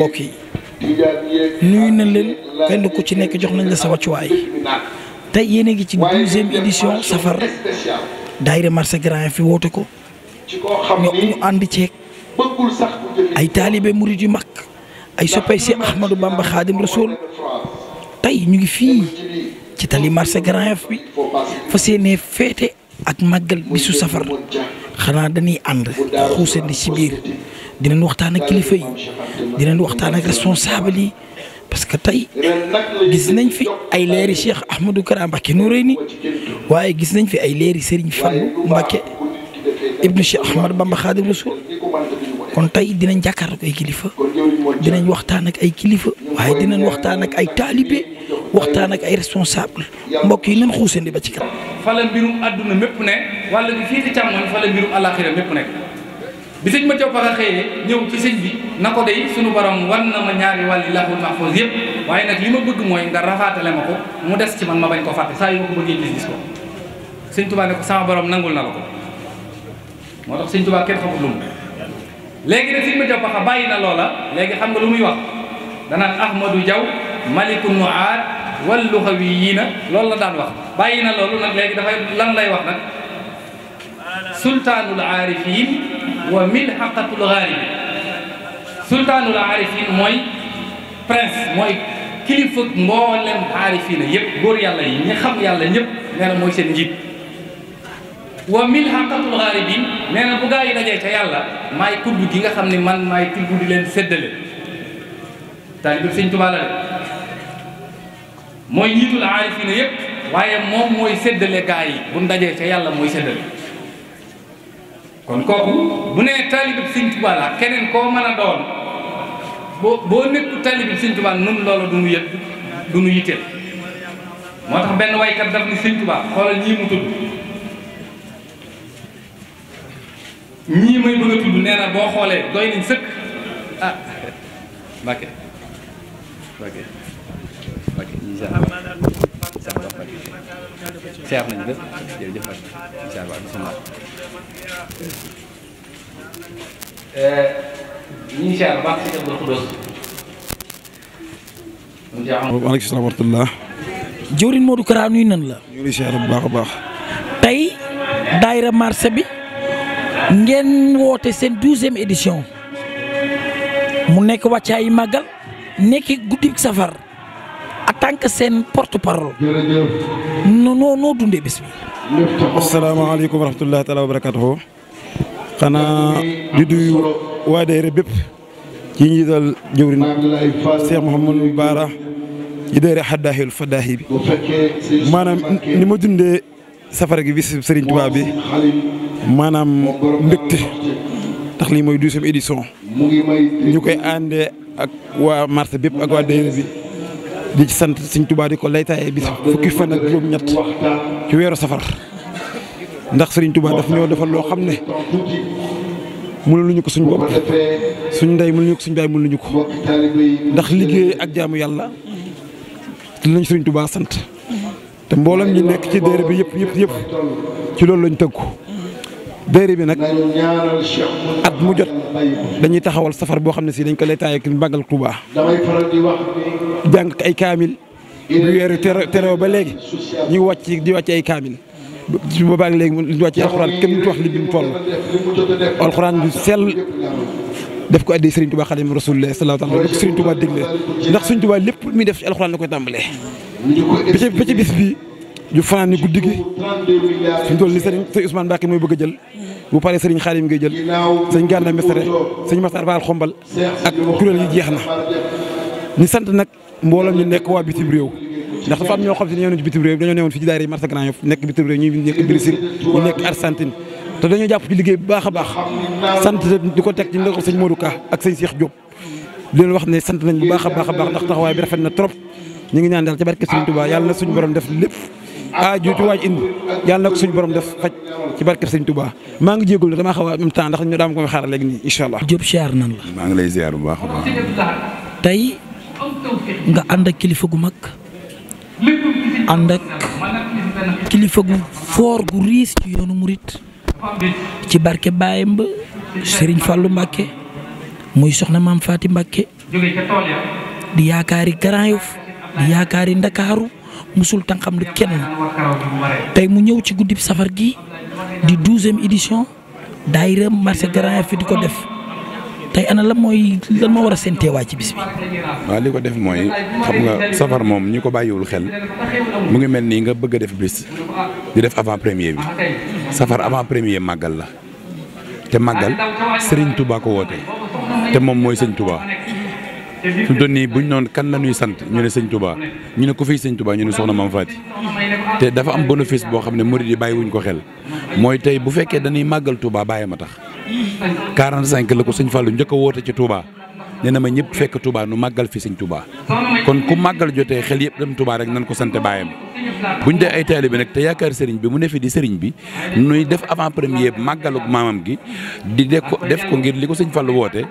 bokk yi nuyu na leen kenn ku ci nekk jox nañ la sa wàccuwaay tey yéen a ngi ci douzième édition safar daayira marché Grand Yoff fi woote ko ñu ànd ceeg ay taalibe murid yu mag ay soppay si Ahmadou Bamba Xaadim Rasoul tey ñu ngi fii ci tali marché Grand Yoff bi fas yéenee féete ak màggal bisu safar xanaa dañuy ànd xuusandi ci biir dinañ waxtaan ak kilifa yi dinañ waxtaan ak responsable yi parce que tey gis nañ fi ay leeri Cheikh Ahmadou Kara Mbacké Noreyni waaye gis nañ fi ay leeri Serigne Fallou Mbacké ibnu Cheikh Ahmad Bamba Khadim Rasoul kon tey dinañ jàkkaarloo ak ay kilifa dinañ waxtaan ak ay kilifa waaye dinañ waxtaan ak ay taalibe waxtaan ak ay responsable mbokk yi nañ xuusandi ba ci kanam. fa la mbirum mépp nekk. bi sëñ ma coo paxa xëyee ñëw ci sëñ bi na ko day suñu borom war na ma ñaari wàlli lahul mahfuz yëpp waaye nag li ma bëgg mooy nga rafaatale ma ko mu des ci man ma bañ ko fàtte saa yu ma ko bëggee gis ko sëñ tubaa ne ko sama borom nangul na la ko moo tax sëñ tubaa kenn xamut lu mu léegi nag sëñ ma coo bàyyi na loola léegi xam nga lu muy wax danaan ahmadou diaw malikul noaad wal luxawi yii na loolu la daan wax bàyyi na loolu nag léegi dafay lan lay wax nag wa min xaqatul xaari sultaanul aarifin mooy prince mooy kilifa mboolem aarifina yëpp góor yàlla yi ñi xam yàlla ñëpp nee mooy seen njiit wa min xaqatul xaari bi bu gaa yi dajee ca yàlla maay tudd gi nga xam ne man maay tudd di leen séddale taalibib sëñ Tuubaa la mooy njiitul aarifina yëpp waaye moom mooy séddale gaa yi bu ñu ca yàlla mooy séddale kon kooku bu nee taalibib Sëñ Tuubaa keneen koo mën a doon boo boo nekku taalibib Sëñ Tuubaa nun loolu du nu yëg du moo tax benn waykat daf ni Sëñ Tuubaa xoolal ñii mu tudd ñii may bëgg a tudd nee na boo xoolee doy nañ sëkk ah siyaar nañu lépp jërëjëf Mbacke eh, nan la. bu baax a baax. tey daayira marché bi ngeen woote seen douzième édition mu nekk wàccaay màggal nekk guddi safar. tànk seen porte parole. jërëjëf. noo noo noo dundee bis bi. asalaamaaleykum wa rahmatulah taalaa wa barakaatuhu. xanaa di nuyu waa daayira bépp ci njiital jëwrin Cheikh Mouhamadou Baara ci daayira Xaddaahil Faddaahi bi maanaam ni ma dundee safara gi bis Serigne Touba bi maanaam mbégte ndax lii mooy douzième édition ak waa marché bépp ak waa daayira bi. di ci sant suñ Tuubaa di ko laytaaye bis fukki fan ak juróom-ñett ci weeru safara ndax Sëriñ Tuubaa daf ñoo defal loo xam ne mënuluñu ko suñ bopp suñ ndey mënuluñu ko suñ baay mënuluñu ko ndax liggéey ak jaamu yàlla lañ Sëriñ Tuubaa sant te mboolam ñi nekk ci déere bi yëpp yëpp yëpp ci loolu lañ tëggu dayre bi nag at mu jot dañuy taxawal safar boo xam ne si dañ ko lay taayee ki màggal Tuuba jàng ay kaamil bu weeru teroo ba léegi ñu wàcc di wàcc ay kaamil su léegi ñu wàcc alxuraan kenn mënut wax li alxuraan bi sell def ko addi Serigne Touba Xaadimu Rasuulillaahi sallallaahu alayhi wa sallam Serigne Touba digle ndax Serigne Touba lépp muy def ci alxuraan la koy tàmbalee ba ci bis bi ju fanaan ni guddi gi fi ñu toll nii sëriñ sëriñ Ousmane Mbacke mooy bëgg jël bu paree sëriñ Xaadim ngay jël sëriñ Gànna Mesere sëriñ Massar Fall xombal ak kuréel yi jeex na ñu sant nag mbooloo ñu nekk waa bitim réew ndax dafa ñoo xam si ne ñoo ne ci bitim réew dañoo newoon Grand Yoff nekk bitim réew ñu nekk Brésil ñu nekk Argentine te dañoo jàpp ci liggéey bu baax a baax sant di ko teg ci ndogal sëñ Modou Ka ak sëñ Cheikh Diop di leen wax ne sant nañ bu baax a baax a taxawaay bi rafet na trop ñu ngi ñaan daal ci barke Sëriñ Tuubaa yàlla na suñu borom def lépp aaju ci waaj indi yàlla na ko borom def faj ci barke sëñ Touba maa ngi jégalu damaa xaw a am temps ndax ñu daam ko xaaral léegi nii incha allah. Diop siyaar nan la. maa ngi lay siyaar bu tey nga ànd kilifa gu mag ànd kilifa gu foor gu riis ci yoonu murit ci barke baayam ba Serigne Fallou Mbakke muy soxna maam Faati Mbakke di yaakaari Grand di yaakaari Ndakaaru. musul tànqam lu kenn tey mu ñëw ci guddib safar gi di douzième édition daayira marché Grand fi di ko def tey ana lan mooy lan moo war a seen teewaay ci bis bi. waaw li ko def mooy xam nga safar moom ñi ko bàyyiwul xel mu ngi mel nii nga bëgg a def bis di def avant premier bi safar avant premier màggal la te màggal sëriñ Touba ko woote te moom mooy Serigne Touba. fi mu toll nii buñ noonu kan la ñuy sant ñu ne sëñ Touba ñu ne ko fii sëñ Touba ñu ne soxna Maam Faati te dafa am bénéfice boo xam ne murid yi bàyyi wuñ ko xel mooy tey bu fekkee dañuy màggal Touba ma tax 45 la ko sëñ Fallou njëkk a woote ci Touba nee na ma ñëpp fekk Touba nu màggal fi sëñ Touba kon ku màggal jotee xel yëpp dem Touba rek nan ko sant baayam buñ dee ay bi nag te yaakaar seriñ bi mu ne fi di seriñ bi nuy def avant premier màggalug maamam gi di def ko def ko ngir li ko sëñ Fallou woote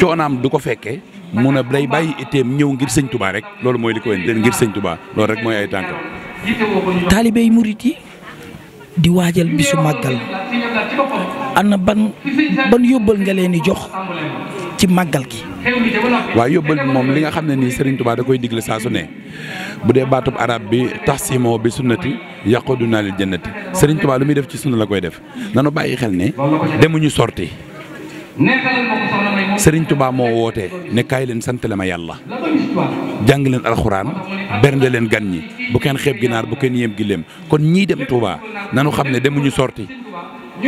coonaam du ko fekkee mun a day bàyyi itteem ñëw ngir sëñ tubaa rek loolu mooy li ko indi ngir sañ tubaa loolu rek mooy ay tànkam. taalibey murit yi di waajal bisu màggal ana ban ban yóbbal nga leen jox ci màggal gi. waaw yóbbal bi moom li nga xam ne nii Serigne Touba da koy digle saa su ne bu dee baatub araab bi tax taxsimo bi sunnati yàqodu naa lil jannati sëriñ Touba lu muy def ci sunna la koy def nanu bàyyi xel ne demuñu sorti sëriñ Tuubaa moo woote ne kaay leen sant la yàlla jàng leen alxuraan bernde leen gan ñi bu kenn xeeb ginaar bu kenn yéem giléem kon ñii dem Tuubaa nanu xam ne demuñu sorti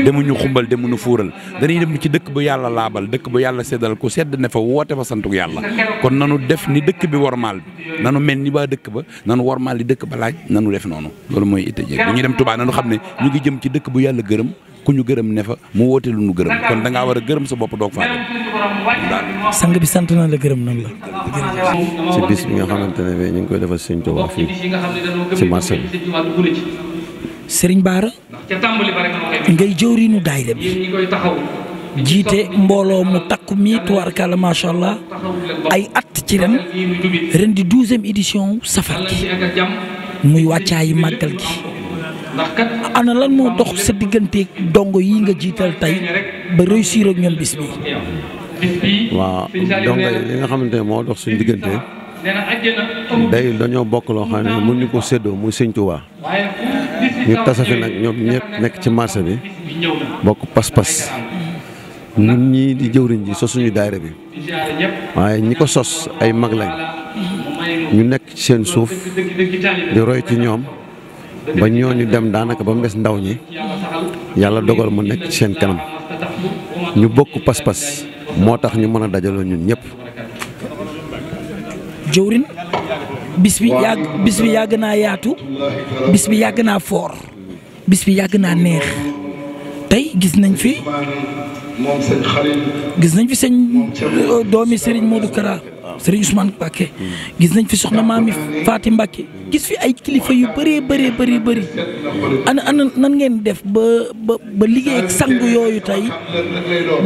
demuñu xumbal demuñu fuural dañuy dem ci dëkk bu yàlla laabal dëkk bu yàlla seddal ku sedd ne fa woote fa santu yàlla kon nanu def ni dëkk bi wormaal bi nanu mel ni waa dëkk ba nanu wormaal li dëkk ba laaj nanu def noonu loolu mooy itte jeeg bu ñuy dem Tuubaa nanu xam ne ñu ngi jëm ci dëkk bu yàlla gërëm ku ñu gërëm ne fa mu woote lu gërëm kon da war a gërëm sa bopp doog faa sang bi sant na la gërëm nan la. ci bis bi nga xamante ne ñu ngi koy defal Sëriñ Tuubaa fii ci bi. Sëriñ Baara. ngay jëwriñu daayira bi. jiite mbooloo mu takku mi tubaarkàlla macha allah ay at ci ren ren di douzième édition safar gi muy wàccaayi màggal gi. ana lan moo dox sa diggante dongo yi nga jiital tey ba réussir ak ñoom bis bi. waaw dongo yi li nga xamante ne moo dox suñu diggante day dañoo bokk loo xam ne mënuñu ko séddoo muy Sëñ Tuubaa ñu tasafi nag ñoom ñëpp nekk ci marché bi bokk pas-pas ñun ñii di jëwriñ ji sosuñu daayira bi waaye ñi ko sos ay mag lañ ñu nekk ci seen suuf di roy ci ñoom. ba ñu dem daanaka ba mu des ndaw ñi yàlla dogal ma nekk ci seen kanam ñu bokk pas-pas moo tax ñu mën a dajaloo ñun ñëpp. jëwrin bis bi yàgg bis bi yàgg naa yaatu bis bi yàgg naa foor bis bi yàgg naa neex tey gis nañ fi gis nañ fi sëñ doomi Serigne Modou Kara Serigne Ousmane Mbacké hmm. gis nañ fi soxna maami Faati Mbacké gis fi ay kilifa yu bëree bëree bëri bëri ana ana nan ngeen def ba ba ba liggéey sang yooyu tey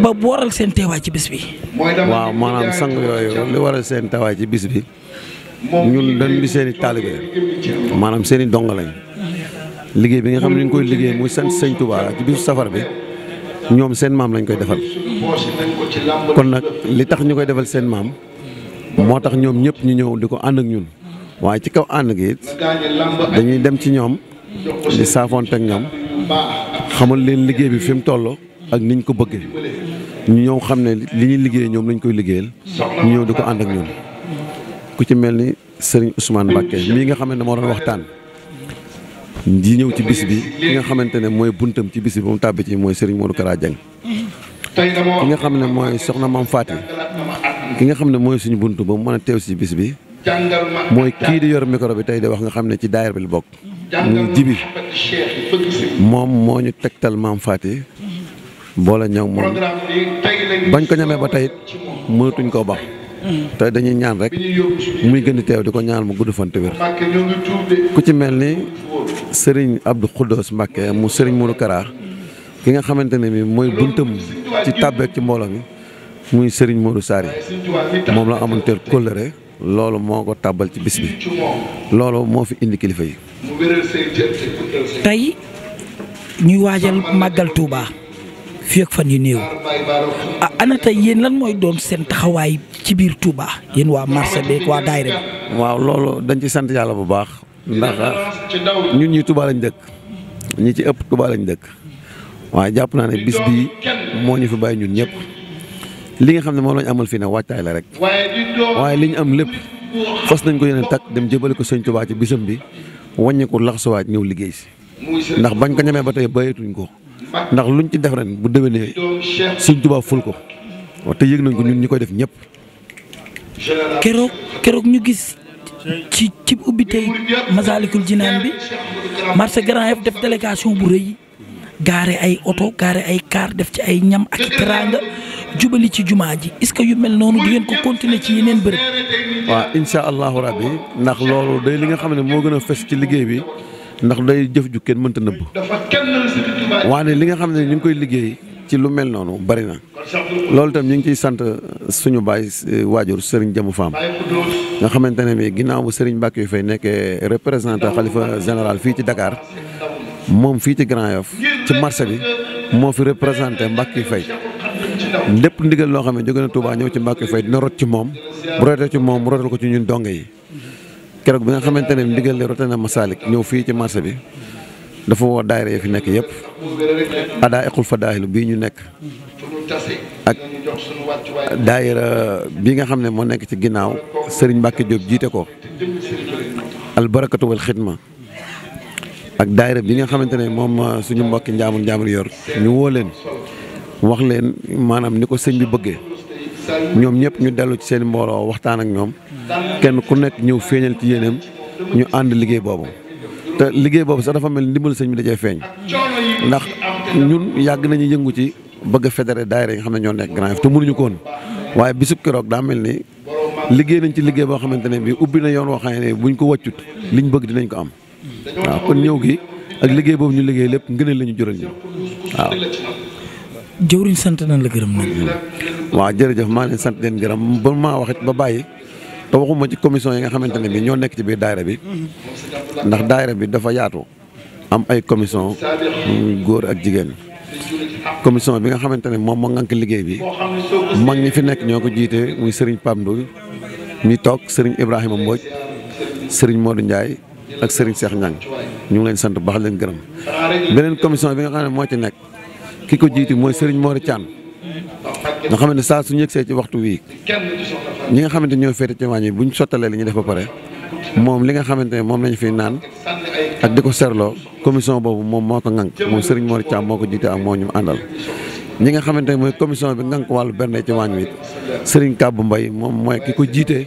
ba waral seen teewaay ci bis bi. waaw maanaam sang yooyu li waral seen teewaay ci bis bi ñun dañ di seen i taalibe maanaam seen i dong lañ liggéey bi nga xam ne ñu koy liggéey muy sant sëñ Touba ci bisu safar bi. ñoom seen maam lañ koy defal kon nag li tax ñu koy defal seen maam moo tax ñoom ñëpp ñu ñëw di ko ànd ak ñun waaye ci kaw ànd gi dañuy dem ci ñoom di saafoonte ak ñoom xamal leen liggéey bi fi mu toll ak niñ ko bëggee ñu ñëw xam ne li ñuy liggéey ñoom lañu koy liggéeyal ñu ñëw di ko ànd ak ñun ku ci mel ni Serigne Ousmane Mbacké mii nga xam ne moo doon waxtaan di ñëw ci bis bi ki nga xamante ne mooy buntam ci bis bi ba mu tàbbi ci mooy Serigne Modou Kara Dieng nga xam ne mooy soxna Mame Faty ki nga xam ne mooy suñu bunt ba mu mën a teew si bis bi mooy kii di yor micro bi tey di wax nga xam ne ci daayira bi la bokk muy jibi moom moo ñu tegtal maam Faty boole ñëw moom bañ ko ñamee ba tey mënatuñ ko bax te dañuy ñaan rek muy gën di teew di ko ñaan mu gudd fan ku ci mel ni sëriñ Abdou Khoudoss Mbacké mu sëriñ Modou Kara ki nga xamante ne bi mooy buntam ci tàbbeek ci mbooloo mi muy Serigne Modou Sarr moom la amanteel kóllëre loolu moo ko tàbbal ci bis bi loolu moo fi indi kilifa yi. tey ñuy waajal màggal tuubaa fii ak fan yu néew ah ana tey yéen lan mooy doon seen taxawaay ci biir Touba yéen waa marché beeg waa daayira bi waaw loolu dañ ci sant yàlla bu baax ndax ñun ñi Touba lañ dëkk ñi ci ëpp Touba lañ dëkk waaye jàpp naa ne bis bii moo ñu fi bàyyi ñun ñëpp. li nga xam ne moom lañu amal fii nag waajtaay rek waaye li ñu am lépp fas nañ ko yeneen takk dem jëbale ko sëñ Tuubaa ci bisam bi wàññi lax laxasuwaat ñëw liggéey si ndax bañ ko ñamee ba tey bayetuñ ko ndax luñ ci def ren bu déwénee sëñ Tuubaa ful ko te yëg nañ ko ñun ñi koy def ñëpp. keroog keroog ñu gis ci ci ubbi tey Masaalikul Jinaan bi marché Grand Yoff def délégation bu rëy gaare ay oto gaare ay kaar def ci ay ñam ak i teraanga jubali ci jumaa ji est-ce que yu mel noonu di ngeen ko continuer ci yeneen bërëb. waaw incha allahu rabbi ndax loolu day li nga xam ne moo gën a fes ci liggéey bi ndax day jëf ju kenn mënta nëbb. waane li nga xam ne ñu ngi koy liggéey ci lu mel noonu bari na loolu itam ñu ngi ciy sant uh, suñu baay uh, waajur Serigne Jamu Faam nga xamante ne bi ginnaaw bu Serigne yu fay nekkee représentant xalifa général fii ci dakaar moom fii ci Grand Yoff ci marché bi moo fi représenté Mbacke fay. lépp ndigal loo xam ne jóge na Touba ñëw ci Mbacke Faye dina rot ci moom bu rotee ci moom ko ci ñun donge yi keroog bi nga xamante ne ndigal li rote na ci marché bi dafa woo daayira fi nekk yëpp adaa equl bii ñu nekk ak daayira bi nga xam ne moo nekk ci ginnaaw sëriñ Mbacke Diop jiite ko albarakatu wal xidma ak daayira bi nga xamante ne moom suñu mbokki njaamur njaamur yor ñu woo leen wax leen maanaam ni ko sëñ bi bëggee ñoom ñëpp ñu dellu ci seen mbooloo waxtaan ak ñoom kenn ku nekk ñëw feeñal ci yéeneem ñu ànd liggéey boobu. te liggéey boobu sax dafa mel ni ndimbal sëñ bi dajee feeñ ndax ñun yàgg nañu yëngu ci bëgg a fédéré daayira xam ne ñoo nekk Grand Yoff te mënuñu ko woon waaye bisub daa mel ni liggéey nañ ci liggéey boo xamante ne bii ubbi na yoon woo xam ne buñ ko wàccut liñ bëgg dinañ ko am waaw kon ñëw gi ak liggéey boobu ñu liggéey lépp ngëneel lañu ñu jural ñu waaw. jëwriñ sant nañ la gërëm nañ waaw jërëjëf maa leen sant leen gërëm ba maa wax ba bàyyi te waxuma ci commission yi nga xamante ne bi ñoo nekk ci biir daayira bi ndax daayira bi dafa yaatu am ay commission góor ak jigéen commission bi nga xamante ne moom moo ngànk liggéey bi mag ñi fi nekk ñoo ko jiite muy Serigne Pam Ndoy ñi toog Serigne Ibrahima Mbodj moo Modou Ndiaye ak Serigne Cheikh Niang ñu ngi leen sant baax leen gërëm beneen commission bi nga xam ne moo ci nekk ki ko jiiti mooy Serigne Mor caan nga xam ne saa su ñu yegsee ci waxtu wii ñi nga xamante ñoo féete ci wàññi bu ñu sottalee li ñu def ba pare moom li nga xamante ne moom lañu fiy naan ak di ko serloo commission boobu moom moo ko ŋànk moom Serigne Mor Thiam moo ko jiite ak moo ñu àndal. ñi nga xamante ne mooy commission bi ŋànk wàllu bernde ci waañ wi Serigne Kàbbu Mbay moom mooy ki ko jiitee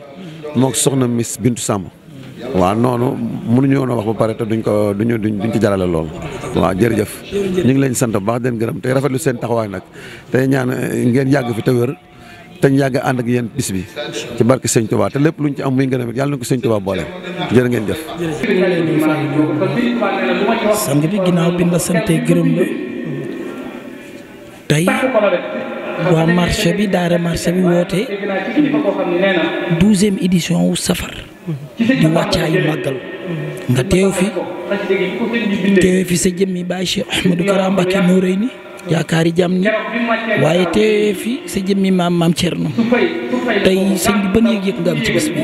moo soxna Miss Bintu sàmm waaw noonu mënuñu woon a wax ba pare te duñ ko duñu duñ duñ ci jarale lool waaw jërëjëf ñu ngi leen sant bu baax den gërëm te rafetlu seen taxawaay nag tey ñaan ngeen yàgg fi te wér te ñu yàgg ànd ak yéen bis bi ci barke Sëñ Touba te lépp luñ ci am muy ngërëm it yàlla na ko Sëñ Touba boole jër ngeen jëf. sang bi ginnaaw bi sante gërëm la tey waa marché bi daara marché bi woote douzième édition wu safar. di wàccaayu màggal nga teew fi teew fi sa jëmmi Baay Cheikh Ahmadou Kara Mbacké Noreyni yaakaari jàmm ni waaye te fi sa jëmmi maam maam Thierno tey sëñ bi ban yëg-yëg nga am ci bés bi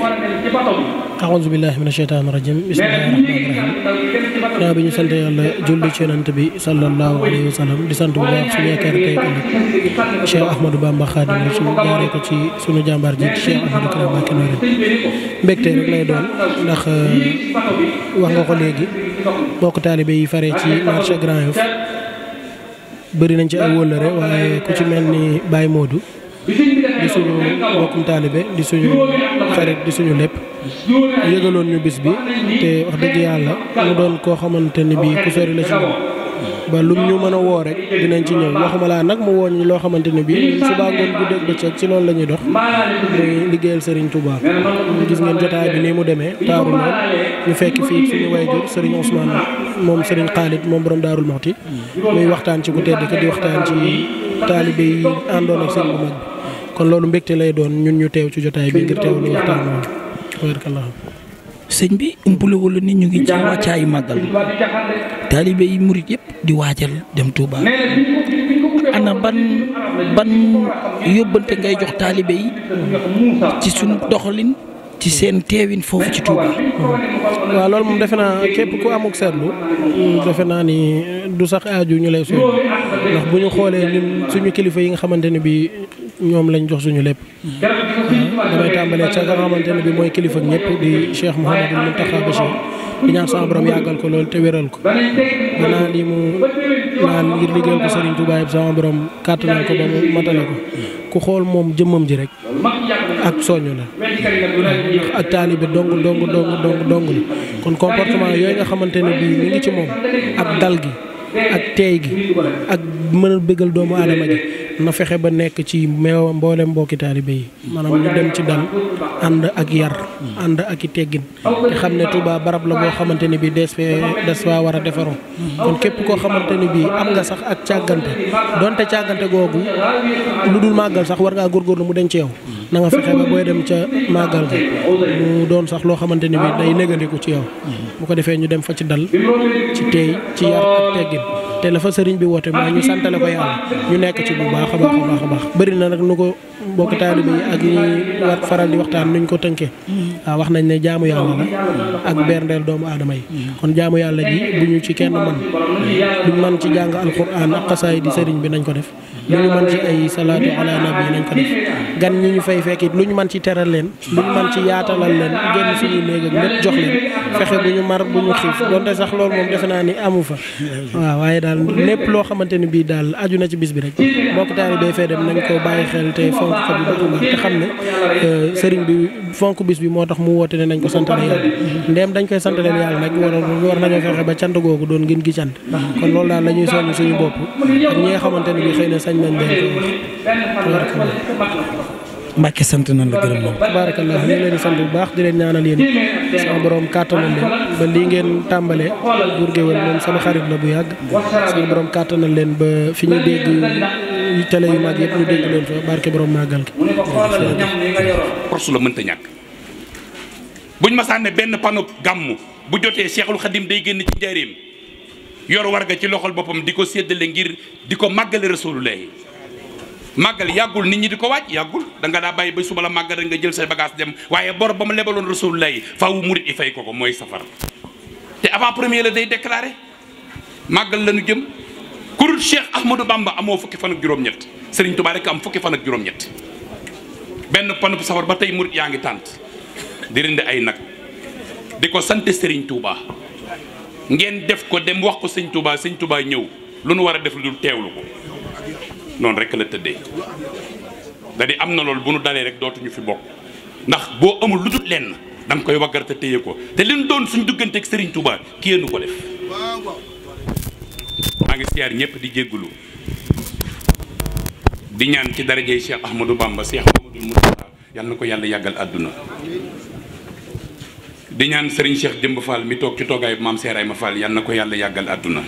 aouzu billahi min asheytaani rajim bismillahi rahmaani rahim daa bi ñu sant yàlla julli ci yonent bi sallallahu alayhi wa sallam di sant bu baax suñu yaakaar tey ko ci ji Cheikh Ahmadou Karim Mbacké rek lay doon ndax euh, wax nga ko léegi bokk taalibe yi faree ci marché Grand Yoff bari nañ ci ay wóllëre waaye ku ci mel ni Baye moodu di suñu mbokkum taalibe di suñu xarit di suñu lépp yëgaloon ñu bis bi te wax dëgg yàlla mu doon koo xamante ni bii ku sori la ci moom ba lum ñu mën a woo rek dinañ ci ñëw waxuma laa nag mu woo ñu loo xamante ne bii subaa ngoon guddeeg bëccëg ci loolu la ñuy dox muy liggéeyal Serigne Touba gis ngeen jotaay bi ni mu demee taaru lool ñu fekk fii suñu wayjur Serigne Ousmane moom Serigne Khalid moom borom Daarul Moxti muy waxtaan ci ku tedd ki di waxtaan ci taalibe yi àndoon ak seen bu mag bi kon loolu mbégte lay doon ñun ñu teew ci jotaay bi ngir teew lu waxtaan woon sëñ bi umpulewul nit ñu ngi ci wàccaayu màggal taalibe yi murit yëpp di waajal dem Touba ana ban ban yóbbante ngay jox taalibe yi ci suñu doxalin ci seen teewin foofu ci Touba. waaw loolu moom defe naa képp ku amuk seetlu mm, defe naa ni du sax aaju ñu lay sooy ndax bu ñu xoolee suñu kilifa yi nga xamante ne bii. ñoom lañ jox suñu lépp damay tàmbalee ca nga xamante ne bi mooy kilifa ñëpp di Cheikh Mouhamadou Mountakha Bachir di ñaan sama borom yàggal ko loolu te wéral ko danaa li mu naan ngir liggéeyal ko Serigne Touba yëpp sama borom kàttanal ko ba mu matale ko ku xool moom jëmmam ji rek ak soñu la ndax ak taalibe dong dong dong dong dong la kon comportement yooyu nga xamante ne bii ñu ngi ci moom ak dal gi ak teey gi ak mën bëggal doomu aadama na fexe ba nekk ci mboolem mbokki taalibe yi maanaam ñu dem ci dal ànd ak yar ànd ak i teggin te xam ne Touba barab la boo xamante ni bi des fee faa war a defaroo kon képp koo xamante ni bii am nga sax ak càggante donte càggante googu lu dul màggal sax war ngaa góorgóorlu mu dem ci yow na nga fexe booy dem ca màggal ga mu doon sax loo xamante ni bi day négandiku ci yow bu ko defee ñu dem fa ci dal ci teey ci yar ak teggin te la fa sëriñ bi woote mooy ñu santale ko yàlla ñu nekk ci bu baax a baax a baax a baax bëri na nag nu ko mbokk taalibe yi ak ñi war faral di waxtaan nuñ ko tënkee waaw wax nañ ne jaamu yàlla la ak berndeel doomu aadama yi kon jaamu yàlla ji bu ñu ci kenn man duñ man ci jàng alxuraan ak xasaay di sëriñ bi nañ ko def yàlla nañ ci ay salaatu ala nabi nañ ko def gan ñi ñu fay fekk it lu ñu mën ci teral leen lu ñu ci yaatalal leen génn suñu néeg ak lépp jox leen fexe bu ñu mar bu ñu xiif donte sax loolu defe naa ni amu fa waaye daal lépp loo xamante ni bii daal aju na ci bis bi rek mbokk taalibe fee dem nañ ko bàyyi xel te fonk ko bu baax a baax te euh, bi bi moo tax mu woote ne nañ ko santale yàlla dañ koy santale yàlla nag war war nañoo fexe ba cant googu doon ngeen gi cant kon loolu daal la ñuy suñu bopp ak ñi nga bi xëy na noonu lañ sant na la gërëm moom. baarakallah ñu leen sant bu baax di leen ñaanal yéen sama borom kàttanal leen ba lii ngeen tàmbalee buur géwél moom sama xarit la bu yàgg sama borom kàttanal leen ba fi ñu dégg télé yu mag yëpp ñu dégg leen fa barke borom màggal gi. force la mënta ñàkk buñ ma sànnee benn panneau gàmmu bu jotee Cheikhul Khadim day génn ci njëriñ. yor ga ci loxol boppam di ko séddale ngir di ko màggale rasulullahi màggal yàggul nit ñi di ko waaj yàggul danga daa bàyyi ba suba la màggal rek nga jël say bagage dem waaye bor ba mu lebaloon rasulullahi faaw murit i fay ko ko mooy safar te avant premier la day déclaré màggal la ñu jëm kurut Cheikh Ahmadou Bamba amoo fukki fan ak juróom-ñett Serigne Touba rek am fukki fan ak juróom-ñett benn panub safar ba tey murit yaa ngi tànt di rënd ay nag di ko sant Serigne Touba. ngeen def ko dem wax ko sëñ tubaa sëñ tubaa ñëw lu nu war a def lu dul lu ko noonu rek la tëddee da di am na loolu bu nu dalee rek dootuñu fi bokk ndax boo amul lu dul lenn danga koy waggar te téye ko te li nu doon suñu digganteeg sëriñ tubaa kii nu ko def. maa ngi siyaar ñëpp di jéggulu di ñaan ci darajay Cheikh Ahmadou Bamba Cheikh du Moustapha yal na ko yàlla yàggal àdduna di ñaan sëriñ Cheikh Jëmb Fall mi toog ci toogaay bu maam Seeraay ma Fall yal na ko yàlla yàggal àdduna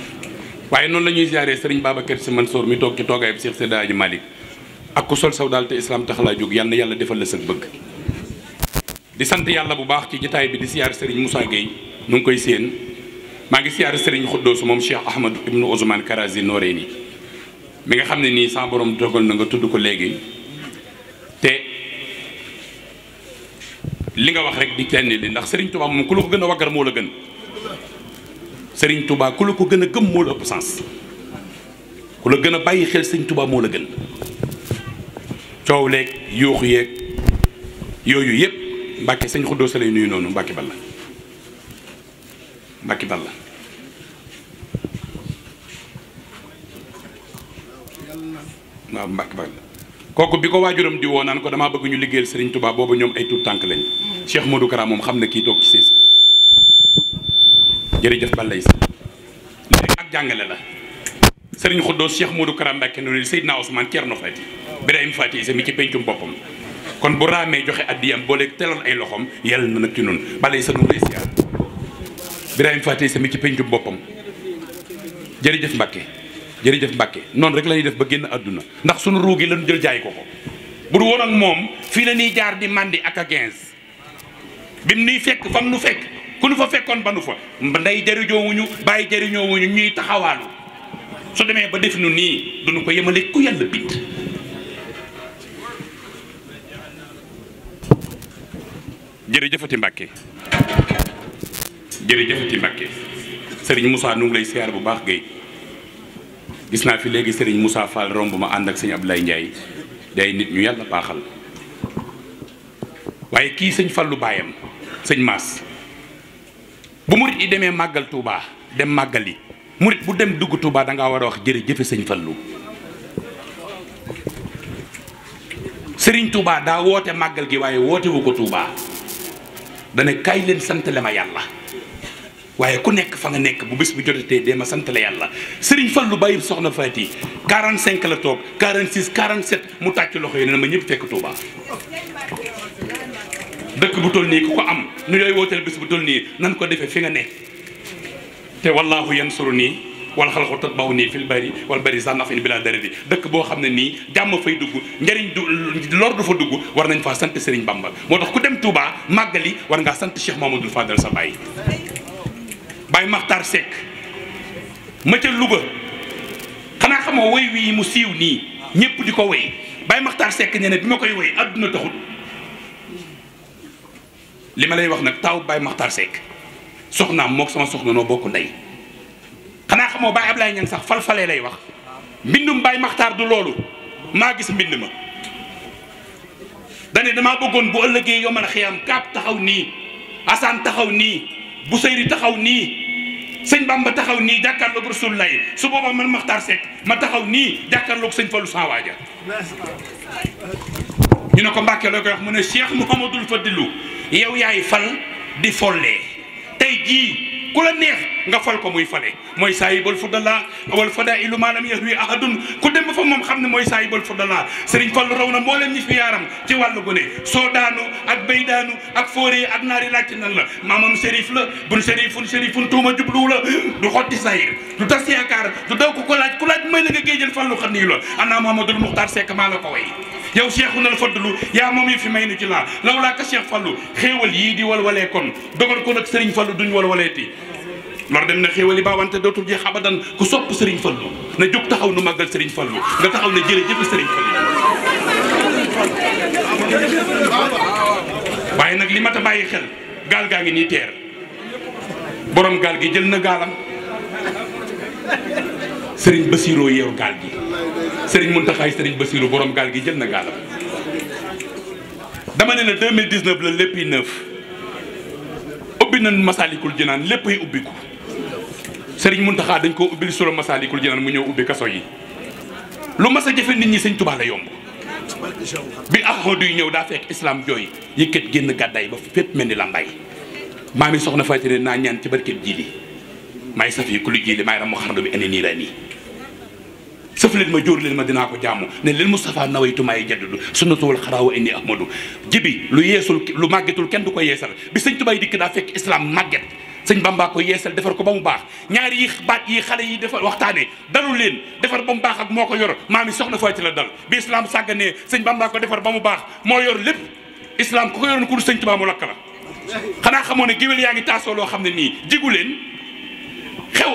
waaye noonu la ñuy ziare sëriñ Babacar Sy Mansour mi toog ci toogaay bu Cheikh Seyda Aji Malick ak ku sol saw daal te islam tax laa jóg yal na yàlla defal la sa bëgg. di sant yàlla bu baax ci jotaay bi di siyaar sëriñ musaa Gueye nu ngi koy séen maa ngi siyaar sëriñ su moom Cheikh Ahmad ibnu Ousmane Karazi Noreyni mi nga xam ne nii sa borom dogal na nga tudd ko léegi. li nga wax rek di kenn li ndax Serigne Touba moom ku la ko gën a waggar moo la gën Serigne Touba ku la ko gën a gëm moo la ëpp sens ku la gën a bàyyi xel Serigne Touba moo la gën coow leeg yuuxu yeeg yooyu yëpp Mbacke sëñ Xuddoos lay nuyu noonu Mbacke Balla Mbacke Balla waaw Mbacke Balla kooku bi ko waajuram di woo naan ko dama bëgg ñu liggéeyal Serigne Touba boobu ñoom ay tuut tànk lañ Cheikh Modou Kara moom xam na kii toog ci sées jërëjëf Balaye Sy lii rek ak jàngale la Serigne Khoudoss Cheikh Modou Kara Mbacké noonu Seydina Ousmane Thierno Fati Birahim Fati Isa mi boppam kon bu raamee joxe addiyam boo léegi teloon ay loxoom yàlla na nag ci noonu Balaye Sy nu ngi lay siyaar ci pencum boppam jërëjëf Mbacké jërëjëf Mbacké noonu rek la def ba génn àdduna ndax sunu ruugi lañu jël jaay ko ko bu du woon moom fii la jaar di mandi ak a 15 bim nuy fekk fam nu fekk ku nu fa fekkoon ba nu fa ndey jëriñoowuñu bàyyi jëriñoowuñu ñuy taxawaalu su demee ba def nu nii du nu ko yemale ku yàlla bind jërëjëfati Mbàkke jërëjëfati Mbàkke sëriñ musaa nu lay siyaar bu baax Guèye gis naa fi léegi sëriñ musaa Fall romb ma ànd ak sëñ lay Ndiaye day nit ñu yàlla baaxal waaye kii sëñ Fallu baayam sëñ Maas bu murit yi demee màggal Touba dem màggal yi murit bu dem dugg Touba da ngaa war a wax jërëjëfe sëñ lu sëriñ Touba daa woote màggal gi waaye wootewu ko Touba dana kaay leen santale ma yàlla waaye ku nekk fa nga nekk bu bés bu jotatee dee ma santale yàlla sëriñ Fallou bàyyi soxna Faati 45 la toog 46 47 mu tàcc loxo yi ne ma ñëpp fekk Touba. dëkk bu toll nii ku ko am nu yooyu wooteel bis bu toll nii nan ko fi nga ne te wallaahu yansuru nii wal xalqu tatbahu nii fil bari wal bari sa nafin bila darari dëkk boo xam ne nii jàmm fay dugg njariñ du lor dugg war nañ faa sant Serigne Bamba moo tax ku dem Touba màggali war ngaa sant Cheikh Mamadou Fadal sa baay Baye Makhtar Seck ma ca Louga xanaa xamoo woy wii mu siiw nii ñëpp di ko woy Baye Makhtar sekk nee ne bi ma koy woy àdduna taxut li ma lay wax nag taaw Baye Makhtar Seck soxnaam mook sama soxna noo bokk ndey xanaa xamoo Baye Ablaye Niang sax falfale lay wax mbindum Baye Makhtar du loolu maa gis mbind ma dane damaa bëggoon bu ëllëgee yomal xiyam kaab taxaw nii asaan taxaw nii bu seyri taxaw nii sëñ Bamba taxaw nii jàkkaarloog Rasulullah su boobaa man Makhtar Seck ma taxaw nii jàkkaarloog sëñ Fallou Sanwaaja ñu ne ko Mbàkke la koy wax mu ne Cheikh Mouhamadoul Fadilou yow yaay fal di follee tey jii ku la neex nga fal ko muy fale mooy saayibul fuddala wal fadailu ma lam yahwi ahadun ku dem fa moom xam ne mooy saayibul fuddala Serigne Fallou raw na mboolem ñi fi yaaram ci wàllu gune soo ak béy ak fooree ak naari laajte nan la maamam sérif la bun sérifun sérifun tuuma jubluwu la du xotti sahir du tas du daw ko laaj ku laaj may la nga géejël Fallou xam nii la ana Mamadou Muxtaar Seck maa la ko way yow cheikhu nal fadlu yaa moom lor dem na xéewali baawante dootul jeex abadan ku sopp Serigne Fallou na jóg taxaw nu màggal Serigne Fallou nga taxaw ne jërëjëf Serigne Fallou waaye nag li mat bàyyi xel gaal gaa ngi nii teer boroom gaal gi jël na gaalam sëriñ Bassirou yeeru gaal gi Serigne Mountakha Serigne Bassirou boroom gaal gi jël na gaalam dama ne la 2019 la lépp yi neuf ubbi nañu Masaalikul Jinaan lépp ay ubbiku mun taxaa dañ koo ubbil solo Masaalikul Jinaan mu ñëw ubbi kaso yi lu mas a jafe nit ñi sëñ Tuubaa la yomb bi ak Ahmadu yi ñëw daa fekk islam jooy yëkkat génn gàddaay ba fépp mel ni làmbaay maa mi soxna faytine naa ñaan ci barket jii li maay safi ku lu jii li maay ram mu xarnu bi indi nii sëf leen ma jóor leen ma dinaa ko jaamu ne leen Moustapha nawaytu maay jaddudu sunnatuwal xaraawa indi ahmadu jibi lu yeesul lu màggetul kenn du ko yeesal bi sëñ Tuubaa dikk daa fekk islam màgget sëñ Bamba ko yeesal defar ko ba mu baax ñaar yi baat yi xale yi defar waxtaanee dalul leen defar ba mu baax ak moo ko yor maami soxna Faati la dal bi islam sàgganee sëñ Bamba ko defar ba mu baax moo yor lépp islam ko ko yoroon ku dul sëñ Tuubaa mu lakk la xanaa xamoo ne géwél yaa ngi taasoo loo xam ne nii jigu leen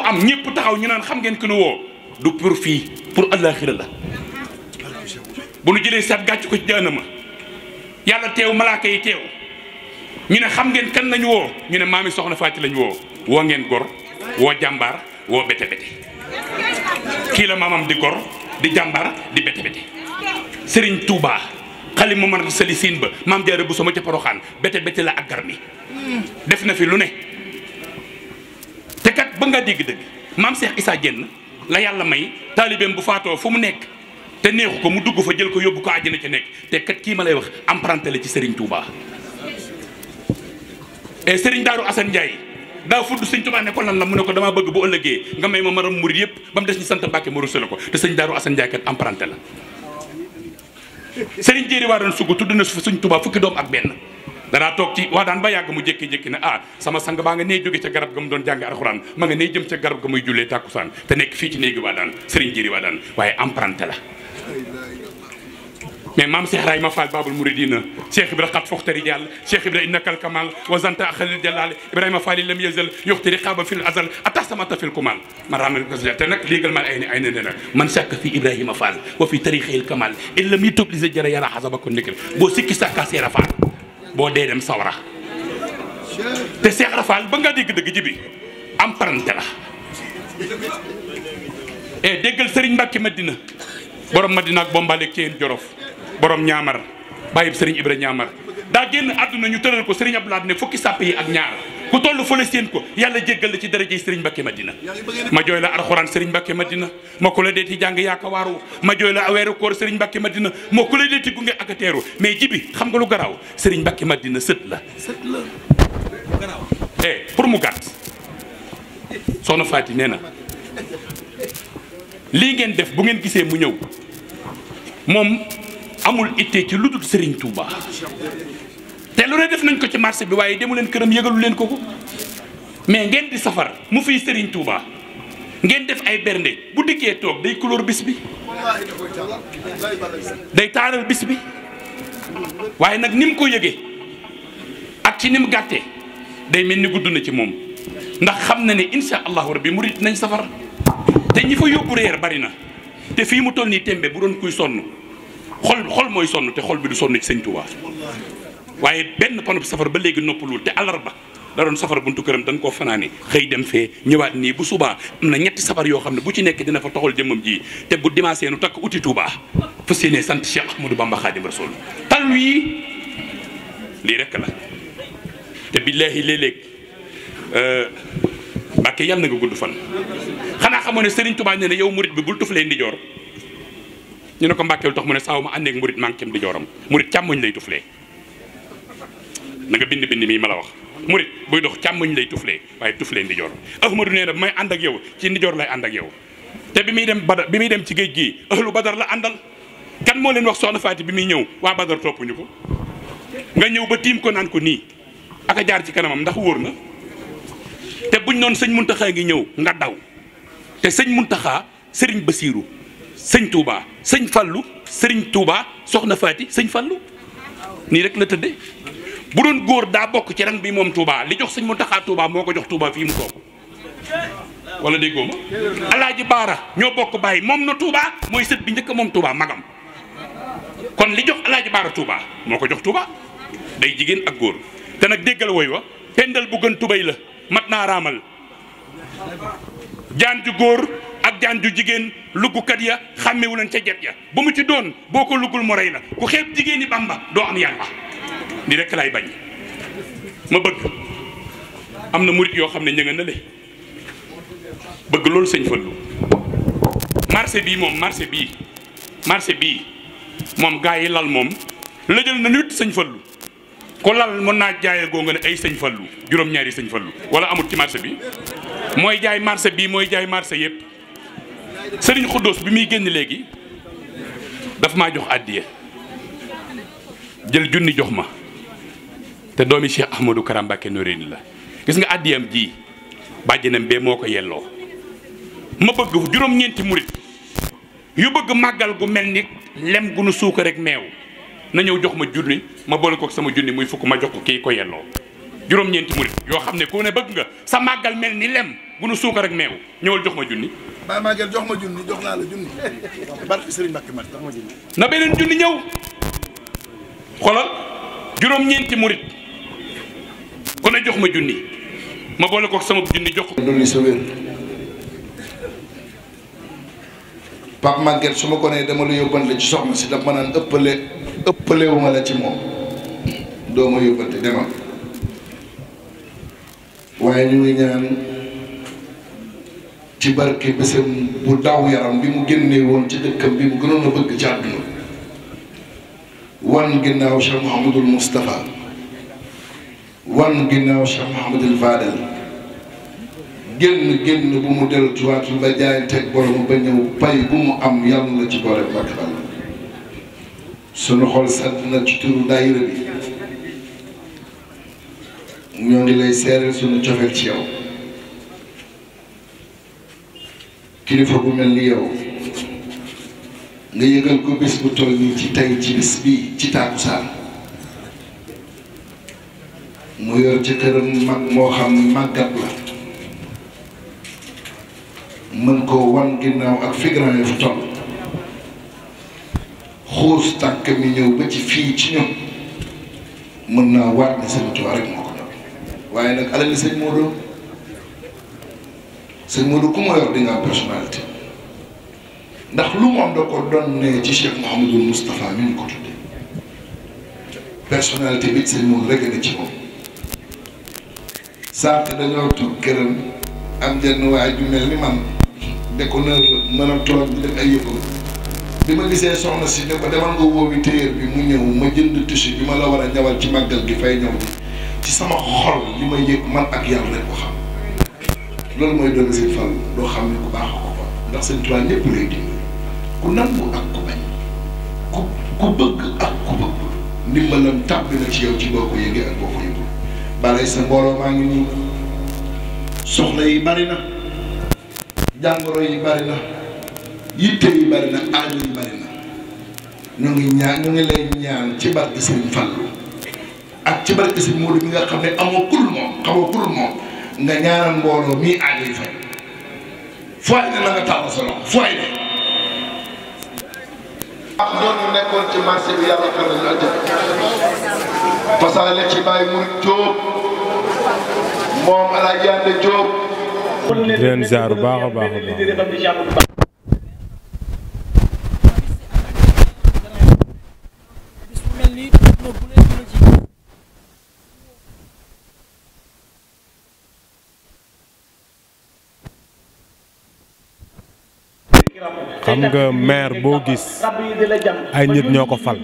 am ñëpp taxaw ñu naan xam ngeen ki nu woo du pour fii pour àllaaxira la bu nu jëlee saat gàcc ko ci jaanama yàlla teew malaaka yi teew ñu ne xam ngeen kan lañu woo ñu ne maam maami soxna Faati lañu woo woo ngeen gor woo jàmbaar woo bete bete kii la maamam di gor di jàmbaar di bete bete sëriñ Touba xali momar sali siin ba maam jaare bu sama ca Poroxaan bete bete la ak gar def na fi lu ne te kat ba nga dégg dëgg maam Cheikh Issa Diène la yàlla may taalibeem bu faatoo fu mu nekk te neexu ko mu dugg fa jël ko yóbbu ko àjjana ca nekk te kat kii ma lay wax emprunté la ci Serigne Touba. et Serigne Darou Assane Ndiaye daa fudd Serigne Touba ne ko lan la mu ne ko damaa bëgg bu ëllëgee nga may ma maram murid yëpp ba mu des ñu sant Mbàkke ma rusale ko te Serigne Darou Assane Ndiaye kat emprunté la Serigne Jéeri waa tudd na suñ Touba fukki doom ak benn. danaa toog ci daan ba yàgg mu jékki-jékki ne a ah, sama sang baa nga nee jóge ca garab ga mu doon jàng alxuraan ma nga nee jëm ca garab ga muy jullee tàkkusaan te nekk fii ci néegi waadaan sëriñ jëri waadaan waaye emprunté la mais maam Cheikh Ibrahima Fall Babul Mouridina Cheikh Ibra xat a jàll Cheikh Ibra innakal kamal wa zanta xalil jalal Ibrahima Fall lam yazal yuxtiri xaaba fil azal atasamata fil ma ramal ko te nag léegal mal ay ne ay ne ne nag man sàkk fi Ibrahima Fall wa fi tarixil kamal il lam yitub li sa jëra boo dee dem sawara te Seex ba nga dégg dëgg ji bi am parante la e déggal sëriñ Mbàkke Madina borom Madina ak bombaleeg ci jorof borom ñaamar bàyyib sëriñ Ibra ñaamar daa génn àdduna ñu tëral ko sëriñ Abdou Lahad ne fukki sàpp yi ak ñaar ku toll fële seen ko yàlla jéggal la ci daraja Serigne Mbacké Madina ma jooy la alxuraan Serigne Mbacké Madina ma ku la deeti jàng yaaka waaru ma jooy la weeru koor Serigne Mbacké Madina ma ku la deeti gunge ak a teeru mais jibi xam nga lu garaaw Serigne Mbacké Madina sët la sët la garaaw eh pour mu gàtt soxna Faty nee na lii ngeen def bu ngeen gisee mu ñëw moom amul ittee ci lu dul Serigne Touba te lu ne def nañ ko ci marché bi waaye demu leen këram yëgalu leen ko ko mais ngeen di safar mu fi Serigne Touba ngeen def ay bernde bu dikkee toog day couleur bis bi day taaral bis bi waaye nag ni ko yëgee ak ci ni mu gàttee day mel ni gudd na ci moom ndax xam na ne insha allahu rabbi murit nañ safar te ñi fa yóbbu reer bari na te fii mu toll nii tembe bu doon kuy sonn xol xol mooy sonn te xol bi du sonn ci Sëñ Touba. waaye benn panub safar ba léegi noppaluwul te alarba da doon safar buntu këram dañ koo fanaane xëy dem fee ñëwaat nii bu subaa am na ñetti safar yoo xam ne bu ci nekk dina fa toxal jëmmam ji te bu dimanche nu takk uti Touba fa séenee sant Cheikh Ahmadou du Khadim Rasoul tal wii lii rek la te billaahi léeg-léeg euh, Mbàkke yàlla nga gudd fan xanaa xamoo ne Serigne Touba ne ne yow murit bi bul tuflee ndijoor ñu ne ko Mbàkke lu tax mu ne saaw ma àndeek murit maa ngi cam ndijooram murit càmmoñ lay tuflee nanga bind bind mii ma la wax murit buy dox càmmoñ lay tuflee waaye tuflee ndijoor ahmadu nee na bu may ànd ak yow ci ndijoor lay ànd ak yow te bi muy dem badar bi muy dem ci géej gi ahlu badar la àndal kenn moo leen wax soxna faati bi muy ñëw waa badar toppuñu ko nga ñëw ba tiim ko naan ko nii aka jaar ci kanamam ndax wóor na te buñ noonu sëñ muntaxaa ngi ñëw nga daw te sëñ muntaxaa sëriñ basiiru sëñ tuubaa sëñ fallu sëriñ tuubaa soxna faati sëñ fallu nii rek la tëdde bu doon góor daa bokk ci rang bi moom Touba li jox sëñ Mountakha Touba moo ko jox Touba fii mu toog wala déggoo ma Alaaji Baara ñoo bokk bàyyi moom na Touba mooy sët bi njëkk moom Touba magam kon li jox Alaaji Baara moo ko jox Touba day jigéen ak góor te nag déggal woy wa pendal bu gën tubay la mat naa raamal jaan ju góor ak jaan ju jigéen luggukat ya xàmmewu leen ca jet ya ba mu ci doon boo ko luggul mo rey la ku xeeb jigéeni Bamba doo am yàlla di rekk laay bañ ma bëgg am na murit yoo xam ne ña nga nële bëgg loolu sëñ Fallu marché bii moom marché bii marché bii moom gaa yi lal moom lëjal na nit sëñ Fallu ko lal mën naa jaayee goo nga ne ay sëñ Fallu juróom-ñaari sëñ Fallu wala amut ci marché bi mooy jaay marché bii mooy jaay marché yëpp sëriñ Xuddoos bi muy génn léegi dafa maa jox àddiya jël junni jox ma te doomi Cheikh Ahmadou Kara Mbacké Noreyni la gis nga àddiyam ji bàjjenam bee moo ko yelloo ma bëgg juróom-ñeenti murit yu bëgg màggal gu mel ni lem gu nu suukar rek meew na ñëw jox ma junni ma boole ko sama junni muy fukk ma jox ko kii juróom-ñeenti yoo xam ne ku ne bëgg sa màggal mel ni lem gu nu suukar rek meew ñëwal jox ma junni ba jox ma junni jox naa ma jox ma junni na beneen junni ñëw xolal juróom-ñeenti murit jox ma junni ma boole ko sama junni jox ko. dolli sa wér Pape Maguette su ma ko nee dama la yóbbante ci soxna si daf ma naan ëppale ëppalewu ma la ci moom doo ma yóbbante demal waaye ñu ñaan ci barke bésam bu daw yaram bi mu génnee woon ci dëkkam bi mu gënoon a bëgg ci àdduna wan ginnaaw Cheikh Mouhamadul Moustapha wan ginnaaw Cheikh Mouhamadul Fadel génn génn bu mu dellu tuwaat la jaayanteeg borom ba ñëw pay bu mu am yàlla la ci boole ba kàlla sunu xol sedd ci turu daayira bi ñoo ngi lay seereel sunu cofeel ci yow kilifa bu mel ni yow nga yëgal ko bis bu toll nii ci tey ci bis bii ci taakusaan. mu yor ci këram mag moo xam màggat la mën ko wan ginnaaw ak figurant yu fi toll xuus tànk mi ñëw ba ci fii ci ñoom mën naa waat ne sëñ Tuubaa rek moo ko doon waaye nag alal li sëñ Modou sëñ Modou ku ma yor di nga am personnalité ndax lu mu am ko doon ne ci Cheikh Mouhamadul Moustapha mi ñu ko tuddee personnalité bi sëñ Modou rek ne ci moom. sànq dañoo toog këram am jenn waay ju mel ni man de ko nër mën a toog di def ay yëgoo bi ma gisee soxna si ne ko demal nga woowi téyeer bi mu ñëw ma jënd tissu bi ma la war a ñawal ci màggal gi fay ñëw ci sama xol li ma yëg man ak yàlla rek ko xam loolu mooy doon seen fal doo xam ne ku baax ko ko ndax seen tubaab ñëpp lay dimbali ku nangu ak ku bañ ku ku bëgg ak ku ndimbalam tàbbi na ci yow ci boo ko yëgee ak boo ko yëgee bale sa mbooloo maa ngi nii soxla yi bari na jàngoro yi bari na yitte yi bari na aajo yi bari na ngi ñaar ñu ngi lay ñaan ci barke Sëriñ Fallu ak ci barke Sëriñ Moodu mi nga xam ne amoo kul moom xamoo kul moom nga ñaanal mbooloo mii aajo yi fay fooy ne na nga tàll sa nekkoon ci marché bi yàlla xamal na àjjana pasaale ci bàyyi mu jóob moom El baax a baax a xam nga maire boo gis ay nit ñoo ko fal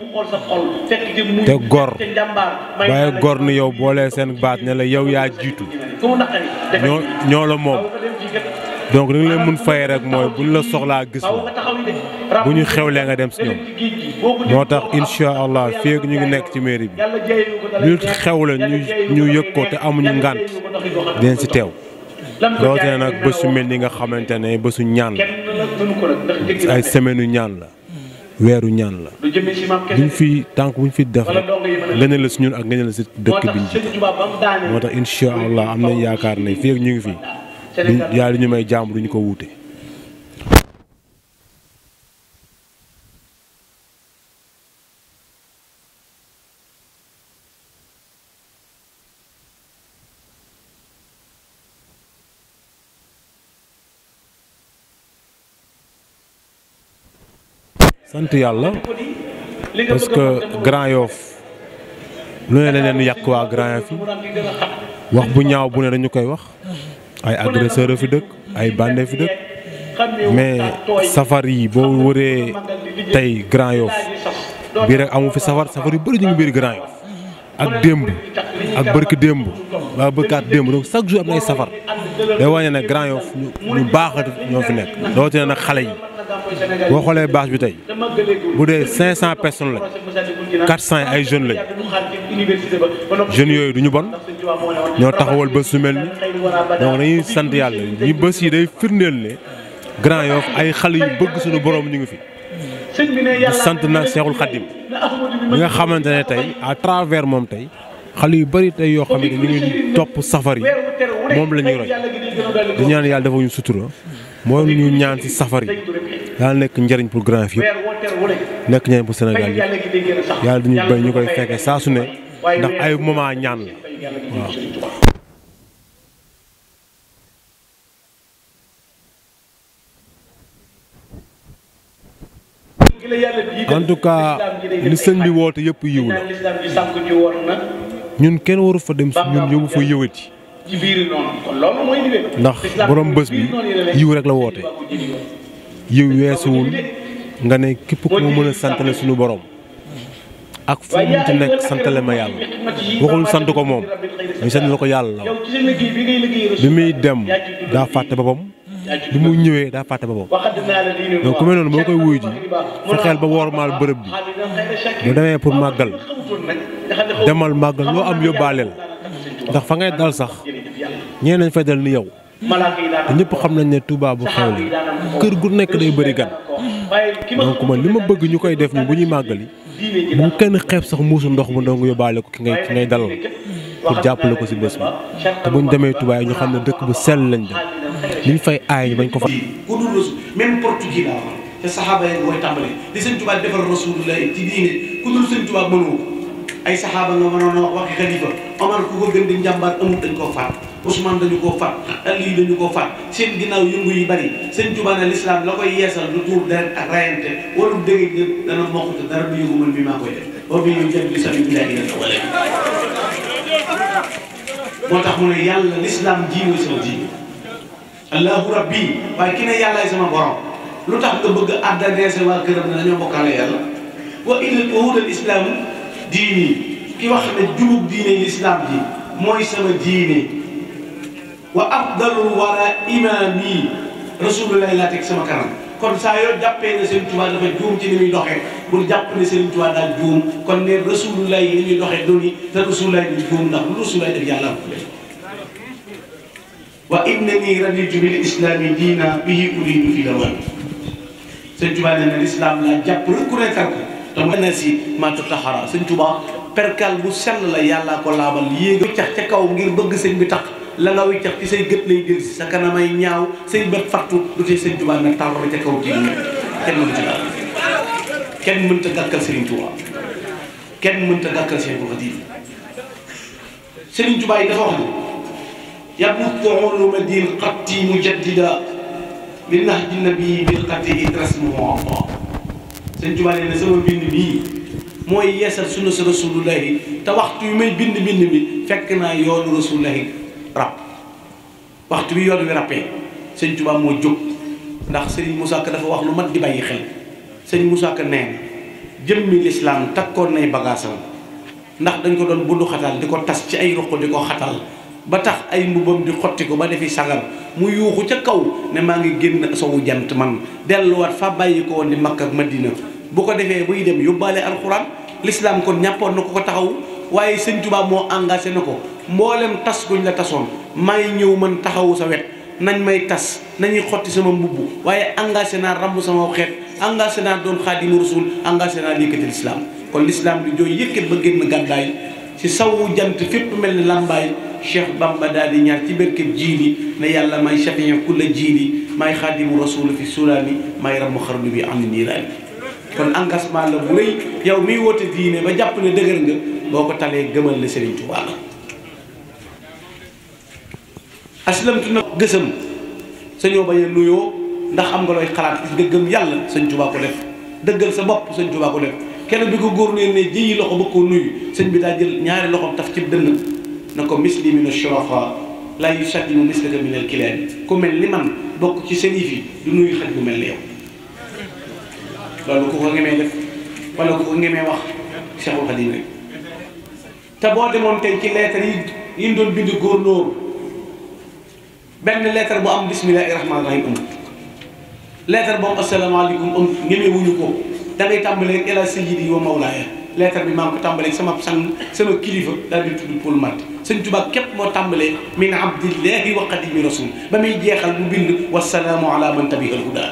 te gor waaye gor ni yow boolee seen baat ne la yow yaa jiitu ñoo ñoo la moom donc li nga leen mun fayee rek mooy buñ la soxlaa gis la bu ñu xewlee nga dem si ñoom moo tax incha allah fii ñu ngi nekk ci mairie bi ñu xewle ñu ñu yëg ko te amuñu ngànt dinañ si teew. loolu nag bésu mel ni nga xamante ne bésu ñaan la ay semaine ñaan la. weeru ñaan la buñ fi tànk buñ fi def rek leneen la si ñun ak ngëne la si dëkk biñ jiite moo tax incha allah am nañ yaakaar ne fii ak ñu ngi fi yàlla ñu may jàmm duñ ko wuute. sant yàlla parce que Grand Yoff lu ne la leen yàq waa Grand Yoff wax bu ñaaw bu ne dañu koy wax ay agresseur a fi dëkk ay bande fi dëkk mais safar yi boo wëree tey Grand Yoff bii rek amu fi safar safar yu bëri ñu ngi biir Grand Yoff ak démb ak bërki démb waa bërkaat démb donc chaque jour am na safar day wane ne Grand Yoff ñu baax ñoo fi nekk dootina nag xale yi boo xoolee bâche bi tey bu dee 500 personnes lañ 400 ay jeunes lañ jeunes yooyu du ñu bon ñoo taxawal bés su mel ni donc dañuy sant yàlla ñu bés yi day firndeel ne Grand yoo ay xale yu bëgg suñu boroom ñu ngi fi. sant na Seexul Xadim mi nga xamante ne tey à travers moom tey xale yu bëri tey yoo xam ne ñu ngi topp safar yi moom la ñuy roy di ñaan yàlla dafa ñu sutura moom ñu ñaan si safar yi. yàlla nekk njëriñ pour grand fi yëpp nekk njëriñ pour Sénégal yëpp yàlla dañuy béy ñu koy fekkee saa su ne ndax ay moment ñaan la waaw. en bi woote yëpp yiw la ñun kenn waru fa dem ñun yóbbu fa yëwét ndax borom bés bi yiw rek la woote yiw weesuwul nga ne képp ku ma mën a santale suñu borom ak foo munti nekk santale ma yàlla waxul sant ko moom ñu sant la ko yàlla la bi muy dem daa fàtte boppam bi muy ñëwee daa fàtte boppam donc ku mel noonu boo koy wuyu ji fexeel ba wormaal bërëb bi bu demee pour màggal demal màggal loo am yóbbaale ndax fa ngay dal sax ñee nañ fay dal ni yow te ñépp xam nañ ne Touba bu xewli kër gu nekk day bari gan donc man li ma bëgg ñu koy def ñu bu ñuy màggali bu kenn xeeb sax muusu ndox mu ndongo yóbbaale ko ki ngay ki ngay dalal pour jàppale ko si bés bi te bu ñu demee yi ñu xam ne dëkk bu sell lañ dem liñ fay aay ñu bañ ko fa. même ku dul sëñ Touba mënoo ay saxaaba nga mënoon a wax xalifa Omar ku ko gën di njàmbaar amul dañ koo faat. Ousmane dañu ko fat Ali dañu koo fat seen ginnaaw yëngu yi bari seen jubaana lislaam la koy yeesal du tuur deret ak rayante wala mu dégg ñëpp dana mokk te dara du yëngu man bi maa koy def boobu ñu yàlla lislaam lu tax nga bëgg adressé waa këram lislaam ji mooy sama diine wa afdalul wara imaami rasulullahi laa teg sama kanam kon saa yoo jàppee ne Serigne Touba dafa juum ci ni muy doxee bul jàpp ne Serigne Touba daal juum kon ne rasulullahi yi ni muy doxee doni te rasulullahi du juum lu rasulullahi def yàlla wa innani raditu na si matu taxara Serigne Touba perkal bu sell la yàllaa ko laabal yéega cax ca kaw ngir bëgg sëñ bi tax la nga wiccax ci say gët lay jël si sa kanamay ñaaw say bët fattu du tee sëñ Tuubaa nag tàlloo ca kaw ji kenn mënu ci dara kenn mënta gàkkal Serigne Touba kenn mënta gàkkal Serigne Touba diin Serigne Touba yi dafa wax ni yabut uluma diin xatti mujaddida li nahji nabii bil xatti idras mu moom Serigne Touba nee na sama mbind mii mooy yeesal sunna sa rasulullahi te waxtu yu may bind bind bi fekk naa yoonu rasulullahi rab waxtu bi yoon wi rappee sëñ Tuubaa moo jóg ndax sëñ Moussa Ka dafa wax lu mat di bàyyi xel sëñ Moussa Ka nee jëmmi lislaam takkoon nay bagaasam ndax dañ ko doon bundu xataal di ko tas ci ay ruq di ko xatal ba tax ay mbubam di xotti ko ba defi sagar mu yuuxu ca kaw ne maa ngi génn sowu jant man delluwaat fa bàyyi ko woon di Makka ak Madina bu ko defee buy dem yóbbaale alxuraan lislaam kon ñàppoon na ko ko taxaw waaye sëñ Tuubaa moo engagé na ko mboolem tas guñ la tasoon may ñëw man taxawu sa wet nañ may tas nañuy xotti sama mbubb waaye engagé naa ramb sama xeet engagé naa doon xaadimu rasul engagé naa yëkkati lislaam kon lislaam du jooy yëkkat ba génn gàddaay ci sawu jant fépp mel ni làmbaay Cheikh Bamba daal di ñaar ci berkeb jiili ne yàlla may chafiyan ku la jiili may xaadimu rasul fi sulaami may ramb xarnu bi am niiraani kon engagement la bu rëy yow miy woote diine ba jàpp ne dëgër nga boo ko talee gëmal la Serigne Touba la aslamtu nag gësëm sañoo ba a nuyoo ndax am nga looy xalaat gis nga yàlla sëñ Touba ko def dëggal sa bopp sëñ Touba ko def kenn bi ko góor ne ne jëyi loxo bëgg koo nuyu sëñ bi daa jël ñaari loxom taf ci dënn na ko misli mina shurafa laa yusaddimu mislaka minal kilaab ku mel ni man bokk ci seen sëriif yi du nuyu xaj bu mel ni yow loolu ku ko ngemee def wala ku ko ngemee wax Cheikhul Khadim rek te boo demoon tey ci lettre yi doon bind góor loolu benn lettre bu am bismillahi rahmaani rahim amul lettre bu am asalaamaaleykum amul ñemewuñu ko da ngay tàmbalee ila sayyidi wa mawlaaya lettre bi maa ngi sama sang sama kilifa daal di tudd Paul Marty sëñ Tuubaa képp moo tàmbalee min abdillahi wa qadimi rasul ba muy jeexal mu bind wasalaamu ala man tabi'al huda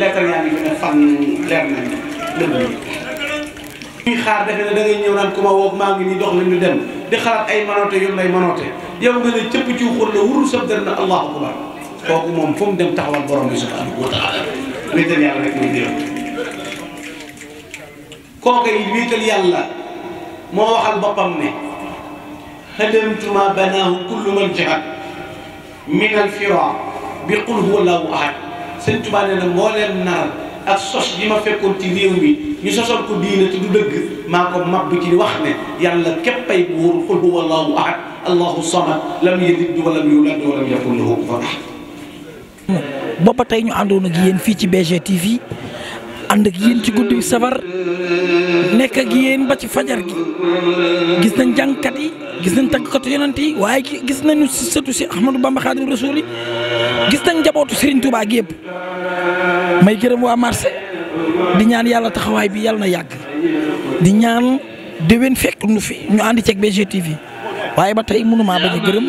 lettre yaa ngi fi ne fan leer nañu ñuy xaar defe ne da ngay ñëw naan ku ma woog maa ngi nii dox la ñu dem di xalaat ay manoote yu lay manoote yow nga ne cëpp ci moom fu mu dem taxawal borom bi subhanahu wa taala wéetal yàlla rek muy dé kooku yi wéetal boppam ne hadamtuma banaahu kullu man jahat min al fira bi qul huwa allahu ahad sëñ Tuubaa nee na moo leen naral ak sos yi ma fekkoon ci mi ñu sosal ko diina te du dëgg maa ko mabbu ci wax ne yàlla képpay buur qul huwa allahu ahad allahu samad lam yalid tey ñu àndoon ak fii ci BG TV ànd ak yéen ci guddi safar nekk ak yéen ba ci fajar gi gis nañ jàngkat gis nañ tàggkatu yonent yi waaye gis nañu sëtu si Ahmadou Bamba Xaadim Rasuul yi gis nañ njabootu Serigne Touba gi yëpp may gërëm waa marché di ñaan yàlla taxawaay bi yàlla na yàgg di ñaan déwén fekk nu fi ñu ànd ceeg BGTV waaye ba tey mënumaa bañ a gërëm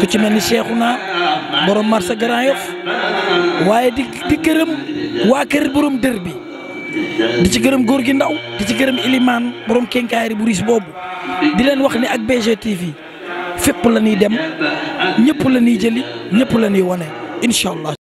ku ci mel ni Cheikhouna borom marché Grand Yoff waaye di di gërëm waa kër boroom dër bi di ci gërëm góor gi ndaw di ci gërëm Ilimane borom kenkaayri bu riis boobu di leen wax ni ak BGTV fépp la ñuy dem ñëpp la ñuy jëli ñëpp la ñuy wane incha